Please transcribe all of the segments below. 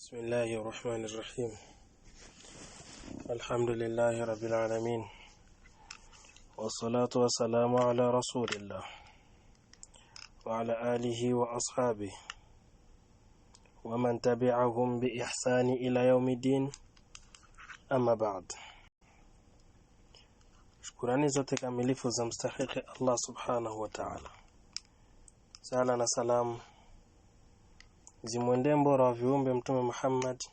بسم الله الرحمن الرحيم الحمد لله رب العالمين والصلاة والسلام على رسول الله وعلى آله وأصحابه ومن تبعهم بإحسان إلى يوم الدين أما بعد شكراني زتك kamilifu za الله سبحانه وتعالى سألنا سلام sala zimwendee mbora wa viumbe mtume Muhammad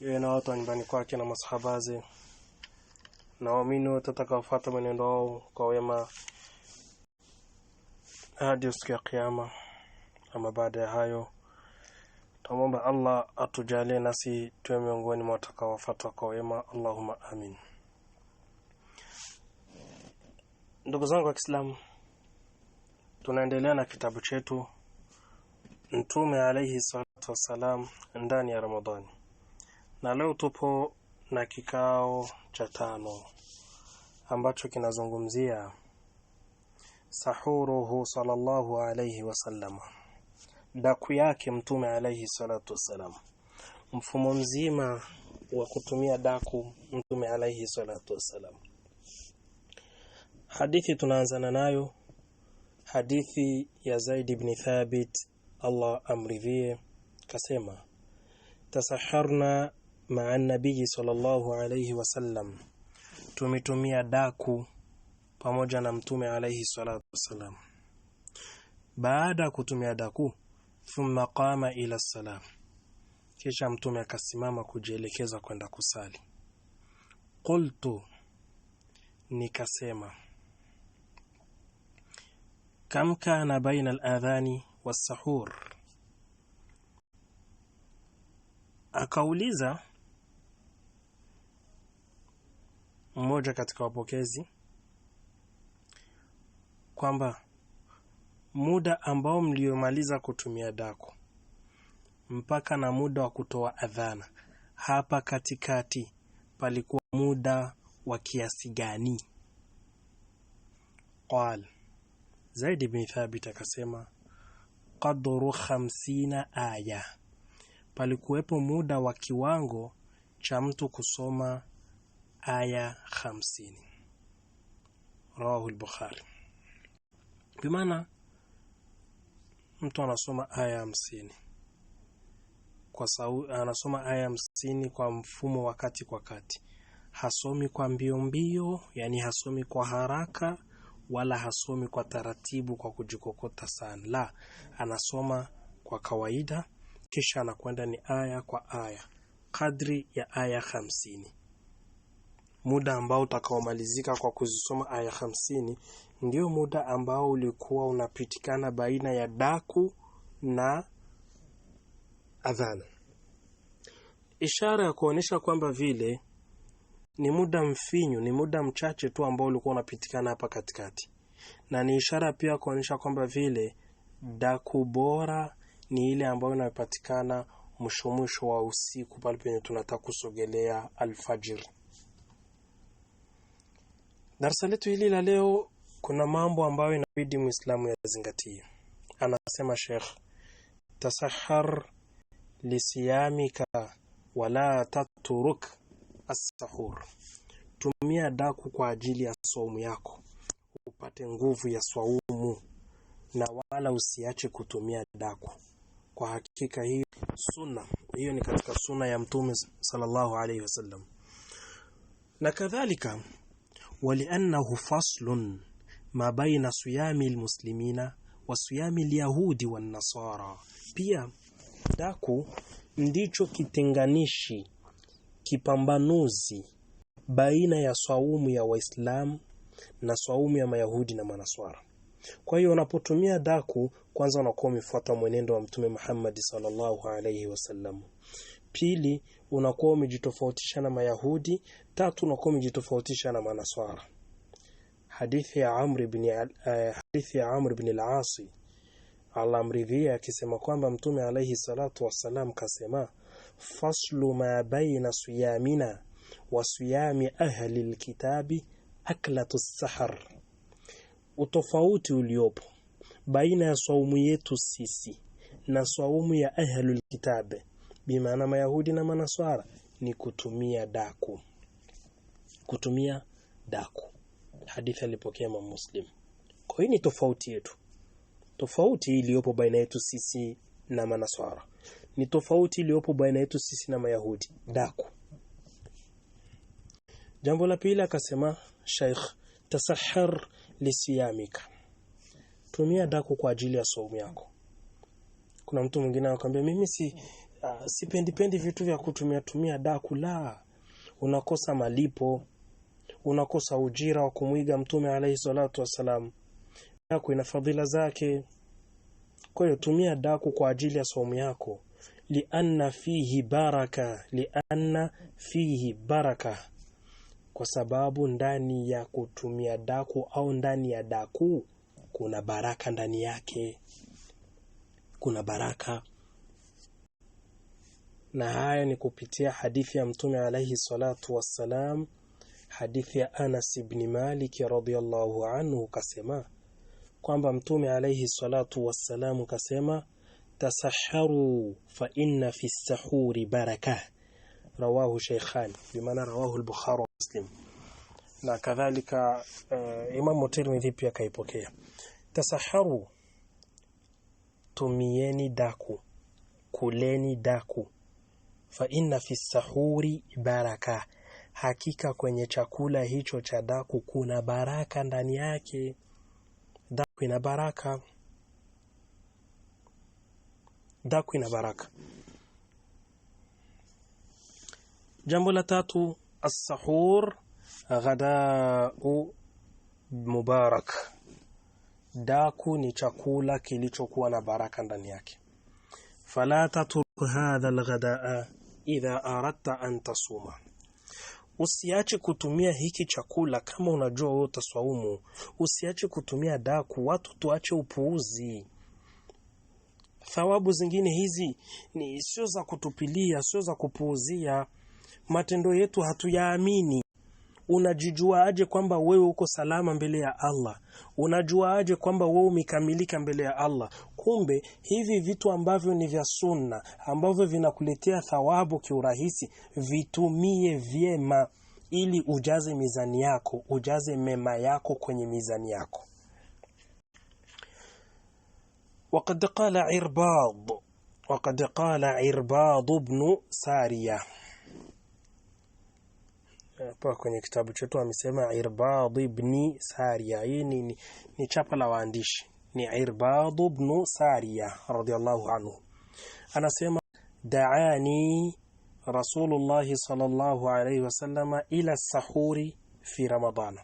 yeye na watu wa nyumbani kwake na masahabaze na waamini wote watakaofuata mwenendo wao kwa wema hadi siku ya kiyama ama baada ya hayo tuombe Allah atujalie nasi tuwe miongoni mwa watakaofuata kwa wema Allahumma amin Ndugu zangu wa Kiislamu tunaendelea na kitabu chetu Mtume alayhi salatu wasalam ndani ya Ramadhani. Na leo tupo na kikao cha tano ambacho kinazungumzia sahuruhu sallallahu alayhi wasallam. Daku yake Mtume alayhi salatu wasalam Mfumo mzima wa kutumia daku Mtume alayhi salatu wasalam Hadithi tunaanzana nayo hadithi ya Zaid ibn Thabit Allah amridhie kasema tasaharna maa nabii sallallahu alayhi wasallam tumetumia daku pamoja na mtume alayhi salatu wasallam baada ya kutumia daku thumma qama ila salam kisha mtume akasimama kujielekeza kwenda kusali qultu nikasema kam kana baina al-adhani was-sahur. Akauliza mmoja katika wapokezi kwamba muda ambao mliomaliza kutumia daku mpaka na muda wa kutoa adhana hapa katikati palikuwa muda wa kiasi gani? Qal Zaid bin Thabit akasema qadru 50 aya, palikuwepo muda wa kiwango cha mtu kusoma aya 50 Rawahu al-Bukhari. Bimaana mtu anasoma aya 50 kwa sau, anasoma aya 50 kwa mfumo wa kati kwa kati, hasomi kwa mbio mbio, yani hasomi kwa haraka wala hasomi kwa taratibu kwa kujikokota sana, la, anasoma kwa kawaida, kisha anakwenda ni aya kwa aya, kadri ya aya hamsini. Muda ambao utakaomalizika kwa kuzisoma aya hamsini ndio muda ambao ulikuwa unapitikana baina ya daku na adhana, ishara ya kuonyesha kwamba vile ni muda mfinyu, ni muda mchache tu ambao ulikuwa unapitikana hapa katikati, na ni ishara pia kuonyesha kwamba vile daku bora ni ile ambayo inapatikana mwisho mwisho wa usiku pale penye tunataka kusogelea alfajiri. Darasa letu hili la leo, kuna mambo ambayo inabidi Muislamu yazingatie. Anasema Sheikh, tasahhar lisiyamika wala taturuk as Tumia daku kwa ajili ya saumu yako upate nguvu ya swaumu, na wala usiache kutumia daku. Kwa hakika hii sunna hiyo ni katika sunna ya Mtume sallallahu alayhi wasallam, na kadhalika waliannahu faslun ma baina siyami lmuslimina wa siyami lyahudi wan nasara. Pia daku ndicho kitenganishi kipambanuzi baina ya swaumu ya Waislamu na swaumu ya Mayahudi na Manaswara. Kwa hiyo unapotumia daku, kwanza unakuwa umefuata mwenendo wa Mtume Muhammad sallallahu alaihi wasallam. Pili, unakuwa umejitofautisha na Mayahudi. Tatu, unakuwa umejitofautisha na Manaswara. Hadithi ya Amr ibn uh, hadithi ya Amr ibn al-Asi alamridhia akisema kwamba Mtume alaihi salatu wassalam kasema faslu ma baina siyamina wa siyami ahli alkitabi aklatu sahar, utofauti uliopo baina ya saumu yetu sisi na swaumu ya ahlu alkitabi, bimaana Mayahudi na Manaswara, ni kutumia daku, kutumia daku. Hadithi alipokea Imam Muslim. Kwa hiyo ni tofauti yetu, tofauti iliyopo baina yetu sisi na Manaswara ni tofauti iliyopo baina yetu sisi na Mayahudi. Daku. Jambo la pili akasema Sheikh, tasahhar lisiyamika. Tumia daku kwa ajili ya saumu yako. Kuna mtu mwingine anakuambia mimi si uh, ah, sipendipendi vitu vya kutumia tumia daku la unakosa malipo unakosa ujira wa kumwiga mtume alayhi salatu wasalam daku ina fadhila zake kwa hiyo tumia daku kwa ajili ya saumu yako lianna fihi baraka, lianna fihi baraka, kwa sababu ndani ya kutumia daku au ndani ya daku kuna baraka ndani yake, kuna baraka. Na haya ni kupitia hadithi ya Mtume alaihi salatu wassalam, hadithi ya Anas ibn Malik radhiyallahu anhu kasema kwamba Mtume alaihi salatu wassalamu kasema tasaharu fa inna fi sahuri baraka rawahu shaykhan bimaana rawahu al-bukhari wa muslim na kadhalika uh, eh, imamu tirmidhi pia kaipokea tasaharu tumieni daku kuleni daku fa inna fi sahuri baraka hakika kwenye chakula hicho cha daku kuna baraka ndani yake daku ina baraka daku ina baraka jambo la tatu as-sahur ghadau mubarak daku ni chakula kilichokuwa na baraka ndani yake fala tatruk hadha al idha aradta an tasuma usiache kutumia hiki chakula kama unajua wewe utaswaumu usiache kutumia daku watu tuache upuuzi Thawabu zingine hizi ni sio za kutupilia, sio za kupuuzia. Matendo yetu hatuyaamini. Unajijua aje kwamba wewe uko salama mbele ya Allah? Unajua aje kwamba wewe umekamilika mbele ya Allah? Kumbe hivi vitu ambavyo ni vya sunna, ambavyo vinakuletea thawabu kiurahisi, vitumie vyema, ili ujaze mizani yako, ujaze mema yako kwenye mizani yako. وقد قال عرباض وقد قال عرباض بن سارية hapa kwenye kitabu chetu amesema Irbad ibn Saria. Hii ni, ni, ni chapa la waandishi ni Irbad ibn Saria radhiallahu anhu, anasema daani Rasulullah sallallahu alayhi wasallama ila sahuri fi Ramadhana,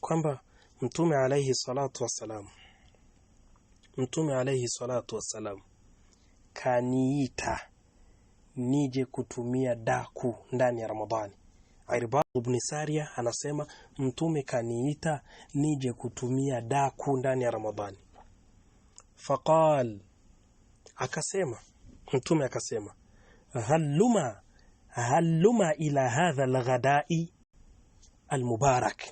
kwamba mtume alayhi salatu wassalam Mtume alayhi salatu wassalam kaniita nije kutumia daku ndani ya Ramadhani. Irbad ibn Saria anasema mtume kaniita nije kutumia daku ndani ya Ramadhani. Faqal, akasema mtume akasema, haluma haluma ila hadha alghadai almubarak,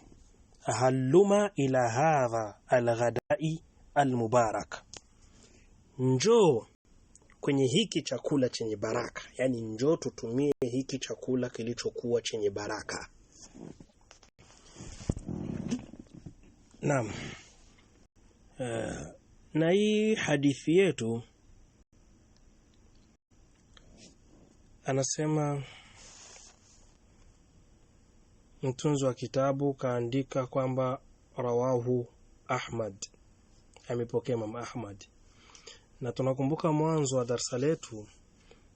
haluma ila hadha alghadai almubarak, njoo kwenye hiki chakula chenye baraka, yani njoo tutumie hiki chakula kilichokuwa chenye baraka. Naam. Uh, na hii hadithi yetu anasema mtunzi wa kitabu kaandika kwamba rawahu Ahmad amepokea Imam Ahmad. Na tunakumbuka mwanzo wa darsa letu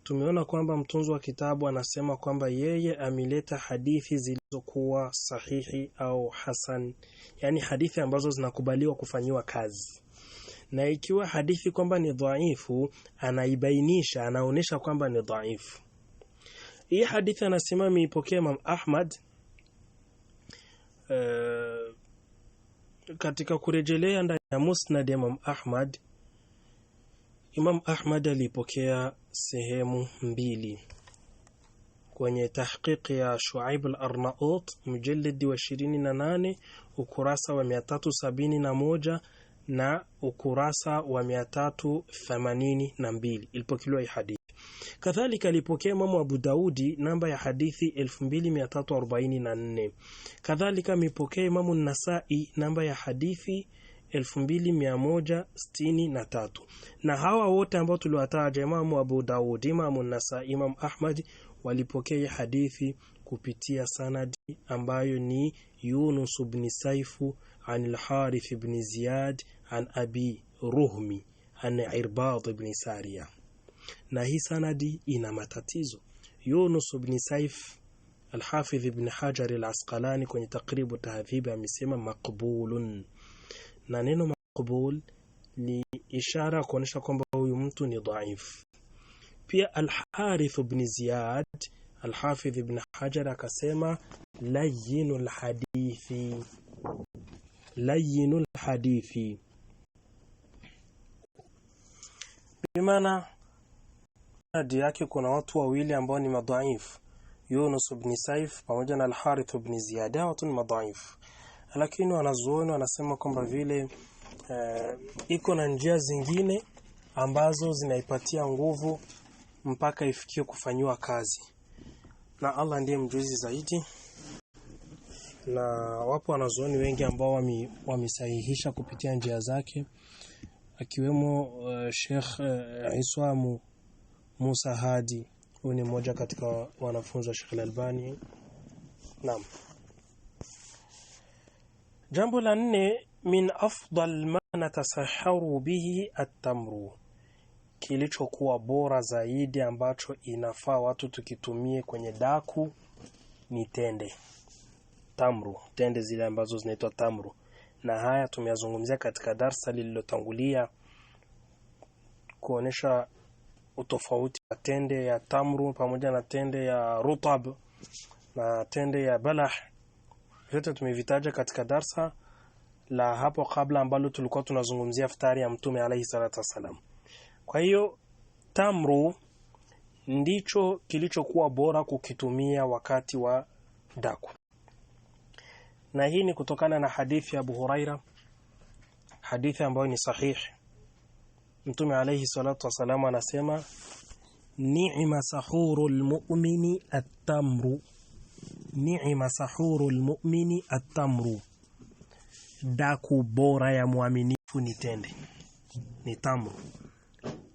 tumeona kwamba mtunzi wa kitabu anasema kwamba yeye ameleta hadithi zilizokuwa sahihi au hasan, yani hadithi ambazo zinakubaliwa kufanyiwa kazi, na ikiwa hadithi kwamba ni dhaifu, anaibainisha, anaonyesha kwamba ni dhaifu. Hii hadithi anasema ameipokea Imam Ahmad uh, katika kurejelea ndani ya Musnad ya Imam Ahmad, Imam Ahmad alipokea sehemu mbili kwenye tahqiq ya Shuaib al-Arnaut mjalidi wa 28 ukurasa wa 371 na ukurasa wa 382 ilipokelewa hii hadithi. Kadhalika alipokea Imamu Abu Daudi namba ya hadithi 2344. Kadhalika amepokea Imamu Nasai namba ya hadithi 2163. Na hawa wote ambao tuliwataja, Imamu Abu Daudi, Imamu Nasai, Imamu Ahmad walipokea hadithi kupitia sanadi ambayo ni Yunus ibn Saifu an al-Harith ibn Ziyad an Abi Ruhmi an Irbad ibn Sariya na hii sanadi ina matatizo Yunus ibn Saif al ibn Hajar al kwenye taqribu tahdhib amesema maqbulun na neno maqbul ni ishara kuonesha kwamba huyu mtu ni dhaif pia Al-Harith ibn Ziyad al ibn Hajar akasema layyinul hadithi layyinul hadithi bimaana Sanadi yake kuna watu wawili ambao ni madhaif, Yunus ibn Saif pamoja na Al-Harith ibn Ziyad watu ni madhaif. lakini wanazuoni wanasema kwamba vile uh, iko na njia zingine ambazo zinaipatia nguvu mpaka ifikie kufanywa kazi na Allah ndiye mjuzi zaidi na wapo wanazuoni wengi ambao wami, kupitia njia zake akiwemo uh, Sheikh uh, Iswamu Musa Hadi huyu ni mmoja katika wanafunzi wa Sheikh Al-Albani naam jambo la nne min afdal ma natasaharu bihi at kilichokuwa bora zaidi ambacho inafaa watu tukitumie kwenye daku ni tende tamru tende zile ambazo zinaitwa tamru na haya tumeyazungumzia katika darsa lililotangulia kuonesha utofauti wa tende ya tamru pamoja na tende ya rutab na tende ya balah, vyote tumevitaja katika darsa la hapo kabla ambalo tulikuwa tunazungumzia futari ya Mtume alayhi salatu wassalam. Kwa hiyo tamru ndicho kilichokuwa bora kukitumia wakati wa daku, na hii ni kutokana na hadithi ya Abu Huraira, hadithi ambayo ni sahihi Mtume alayhi salatu wasalam anasema ni'ma sahurul mu'mini at-tamru, ni'ma sahurul mu'mini at-tamru, daku bora ya mwaminifu ni tende, ni tamru.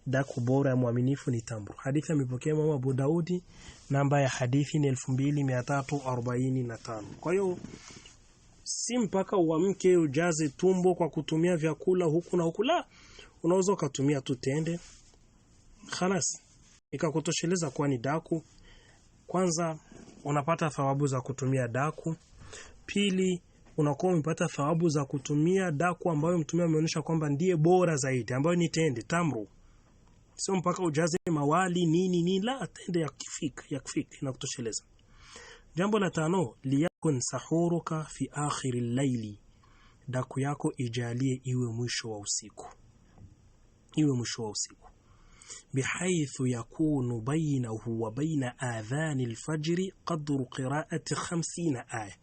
Daku bora ya mu'minifu ni tamru. Hadithi imepokea mama Abu Daudi, namba ya hadithi ni 2345. Kwa hiyo si mpaka uamke ujaze tumbo kwa kutumia vyakula huku na huku, la unaweza ukatumia tu tende khalas ikakutosheleza kuwa ni daku kwanza unapata thawabu za kutumia daku pili unakuwa umepata thawabu za kutumia daku ambayo mtume ameonyesha kwamba ndiye bora zaidi ambayo ni tende tamru sio mpaka ujaze mawali nini nini la tende yakifika yakifika inakutosheleza jambo la tano liyakun sahuruka fi akhiri llaili daku yako ijalie iwe mwisho wa usiku iwe mwisho wa usiku bihaithu yakunu bainahu wa baina adhani alfajri qadru qiraati 50 aya,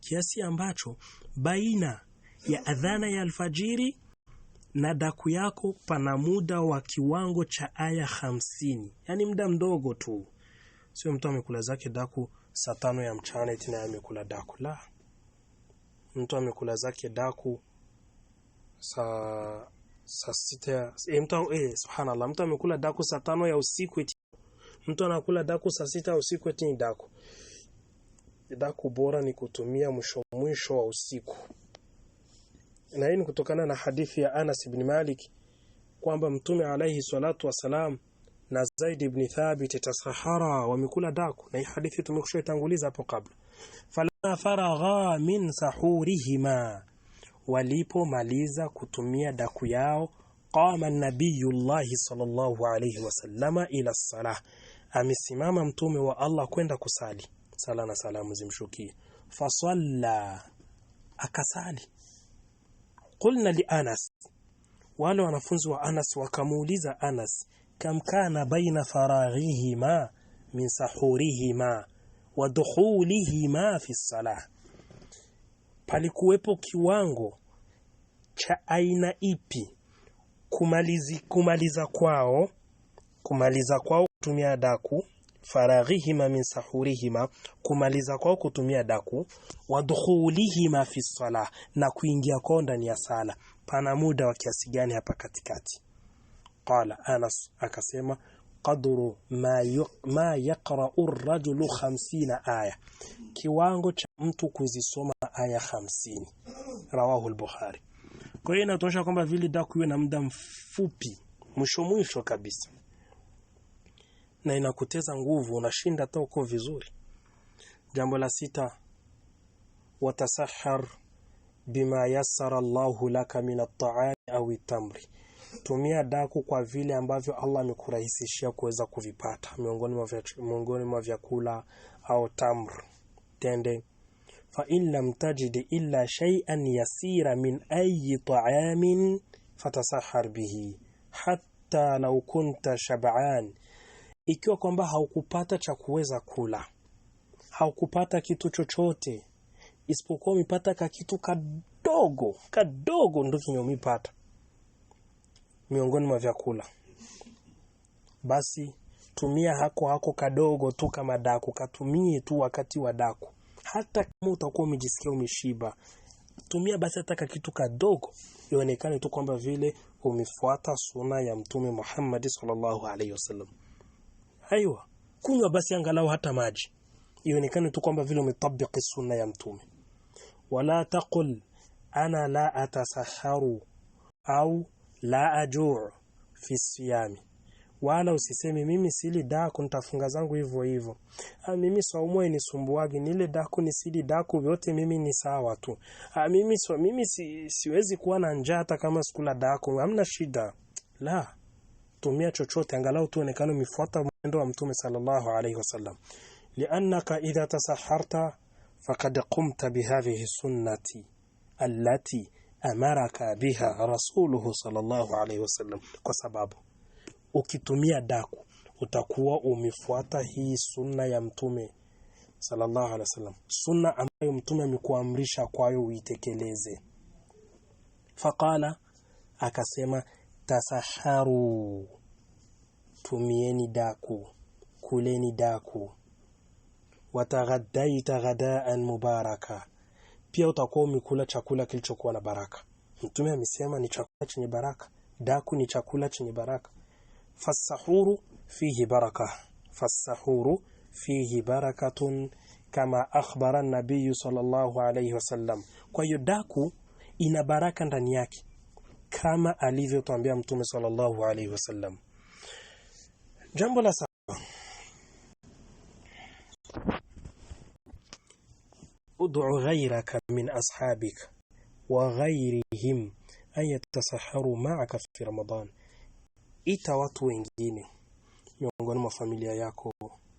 kiasi ambacho baina ya adhana ya alfajiri na daku yako pana muda wa kiwango cha aya 50, yani muda mdogo tu, sio mtu amekula zake daku saa tano ya mchana eti naye amekula daku. La, mtu amekula zake daku saa saa sita ya e, mtu eh, subhanallah, mtu amekula daku saa tano ya usiku eti mtu anakula daku saa sita ya usiku eti ni daku. Daku bora ni kutumia mwisho mwisho wa usiku, na hii ni kutokana na hadithi ya Anas ibn Malik kwamba Mtume alaihi salatu wasalam na Zaid ibn Thabit tasahara wamekula daku, na hii hadithi tumekushoitanguliza hapo kabla, fala faragha min sahurihima walipomaliza kutumia daku yao, qama nabiyullahi sallallahu alayhi wasallama ila salah, amesimama mtume wa Allah kwenda kusali, sala na salamu zimshukie. Fasalla, akasali. Qulna li Anas, wale wanafunzi wa Anas wakamuuliza Anas, kam kana baina faraghihima min sahurihima wa dukhulihima fi salah palikuwepo kiwango cha aina ipi kumalizi, kumaliza kwao kumaliza kwao kutumia daku faraghihima min sahurihima, kumaliza kwao kutumia daku, wadkhulihima fi salah, na kuingia kwao ndani ya sala. Pana muda wa kiasi gani hapa katikati? Qala Anas akasema qadru ma, ma yaqra'u rajulu 50 aya, kiwango cha mtu kuzisoma aya 50. Rawahu al-Bukhari. Kwa hiyo inatosha kwamba vile da kuwe na muda mfupi mwisho mwisho kabisa, na inakuteza nguvu, unashinda hata uko vizuri. Jambo la sita, watasahar bima yassara Allahu laka min at-ta'ami aw at-tamri Tumia daku kwa vile ambavyo Allah amekurahisishia kuweza kuvipata miongoni mwa vyakula au tamr tende. Fa in lam tajid illa shay'an yasira min ayi ta'amin fatasahar bihi hatta law kunta shab'an, ikiwa kwamba haukupata cha kuweza kula, haukupata kitu chochote isipokuwa umepata ka kitu kadogo kadogo, ndio kinyomipata miongoni mwa vyakula. Basi tumia hako hako kadogo tu kama daku, katumie tu wakati wa daku, hata kama utakuwa umejisikia umeshiba, tumia basi hata kitu kadogo, ionekane tu kwamba vile umefuata suna ya Mtume Muhammad sallallahu alaihi wasallam. Aiwa, kunywa basi angalau hata maji, ionekane tu kwamba vile umetabiki suna ya Mtume. Wala taqul ana la atasaharu au la ajur fi siyami, wala usisemi mimi sili daku nitafunga zangu hivyo hivyo. a ah, mimi saumu inisumbuagi nile daku ni sili daku vyote mimi ni sawa tu. a ah, mimi so, mimi si, siwezi kuwa na njaa hata kama sikula daku, hamna shida. La, tumia chochote angalau tuonekane umefuata mwendo wa Mtume sallallahu alaihi wasallam, liannaka idha tasaharta faqad qumta bihadhihi sunnati allati amaraka biha rasuluhu sallallahu alayhi wasallam kwa sababu ukitumia daku utakuwa umefuata hii sunna ya mtume sallallahu alayhi wasallam sunna ambayo mtume amekuamrisha kwayo uitekeleze faqala akasema tasaharu tumieni daku kuleni daku wataghadaita ghadaan mubaraka pia utakuwa umekula chakula kilichokuwa na baraka. Mtume amesema ni chakula chenye baraka, daku ni chakula chenye baraka. Fasahuru fihi baraka, fasahuru fihi barakatun kama akhbara nabiyu sallallahu alayhi wasallam. Kwa hiyo daku ina baraka ndani yake kama alivyotuambia Mtume sallallahu alayhi wasallam. Jambo la saba ud'u ghayraka min ashabik wa ghayrihim an yatasaharu ma'aka fi ramadan, ita watu wengine miongoni mwa familia yako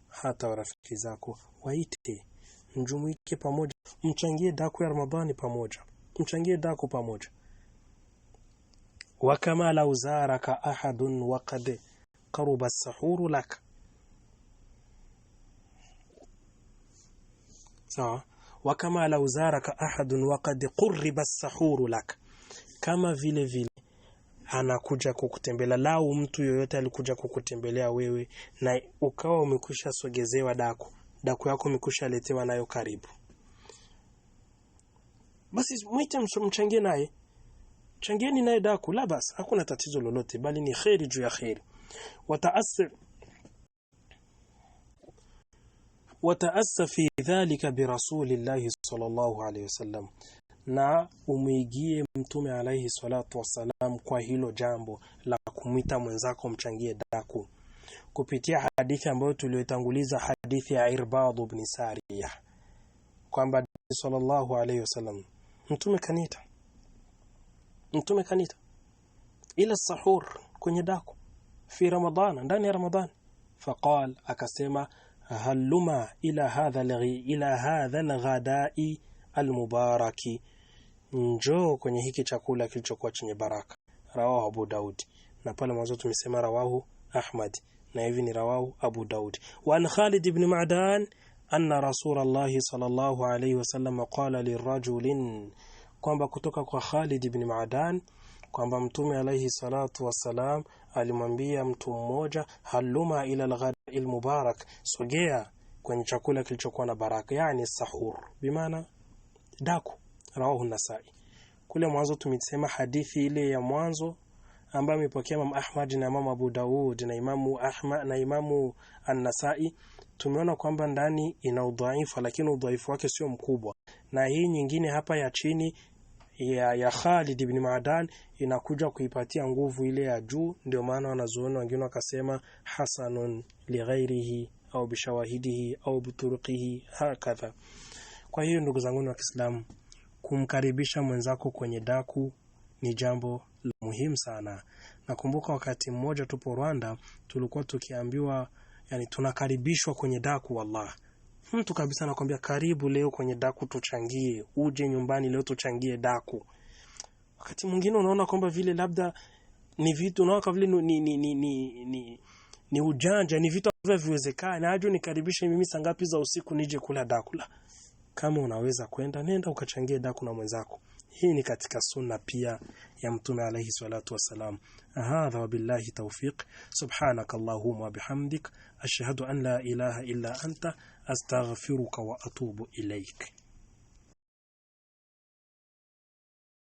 hata rafiki zako waite, mjumuike pamoja, mchangie daku ya Ramadhani pamoja, mchangie daku pamoja. Wakama lau zaraka ahadun waqad qaruba sahuru lak, sawa so, wakama lau zaraka ahadun waqad qurriba sahuru lak, kama vile vile anakuja kukutembelea lau mtu yoyote alikuja kukutembelea wewe na ukawa umekusha sogezewa daku daku yako umekusha letewa nayo karibu, basi mwite mchangie naye changieni naye daku, la basi, hakuna tatizo lolote, bali ni kheri juu ya kheri wataasir wataasa fi dhalika birasulillahi sallallahu alayhi wasallam na umwigie mtume alayhi salatu wassalam kwa hilo jambo la kumwita mwenzako mchangie daku kupitia hadithi ambayo tuliyotanguliza hadithi ya Irbad ibn Sariyah kwamba sallallahu alayhi wasallam mtume kanita mtume kanita ila sahur kwenye daku fi ramadhana ndani ya ramadhani faqal akasema haluma ila hadha ila hadha alghadai almubaraki, njoo kwenye hiki chakula kilichokuwa chenye baraka. Rawahu Abu Daud, na pale mwanzo tumesema rawahu Ahmad, na hivi ni rawahu Abu Daud. Wa an Khalid ibn Ma'dan anna Rasulullahi sallallahu alayhi wasallam qala lirajulin, kwamba kutoka kwa Khalid ibn Ma'dan kwamba mtume alayhi salatu wassalam alimwambia mtu mmoja, haluma ila alghada almubarak, sogea kwenye chakula kilichokuwa na baraka, yani sahur, bimaana daku. Rawahu Nasai. Kule mwanzo tumesema hadithi ile ya mwanzo ambayo imepokea Imam Ahmad na Imam Abu Daud na Imamu Ahmad na Imamu An-Nasai, tumeona kwamba ndani ina udhaifu, lakini udhaifu wake sio mkubwa, na hii nyingine hapa ya chini ya, ya Khalid ibn Maadan inakuja kuipatia nguvu ile ya juu. Ndio maana wanazuoni wengine wakasema hasanun lighairihi au bishawahidihi au bituruqihi hakadha. Kwa hiyo ndugu zangu wa Kiislamu, kumkaribisha mwenzako kwenye daku ni jambo la muhimu sana. Nakumbuka wakati mmoja tupo Rwanda, tulikuwa tukiambiwa, yani tunakaribishwa kwenye daku, wallahi mtu kabisa anakwambia karibu leo kwenye daku tuchangie, uje nyumbani leo tuchangie daku. Wakati mwingine unaona kwamba vile labda ni vitu unaona kama vile ni ni ni, ni, ni ni ujanja, ni vitu ambavyo viwezekana. Na aje nikaribishe mimi saa ngapi za usiku nije kula dakula? Kama unaweza kwenda, nenda ukachangie daku na mwenzako. Hii ni katika sunna pia ya Mtume alayhi salatu wasalam. Hadha wabillahi tawfiq. Subhanakallahumma wa bihamdik ashhadu an la ilaha illa anta أستغفرك وأتوب إليك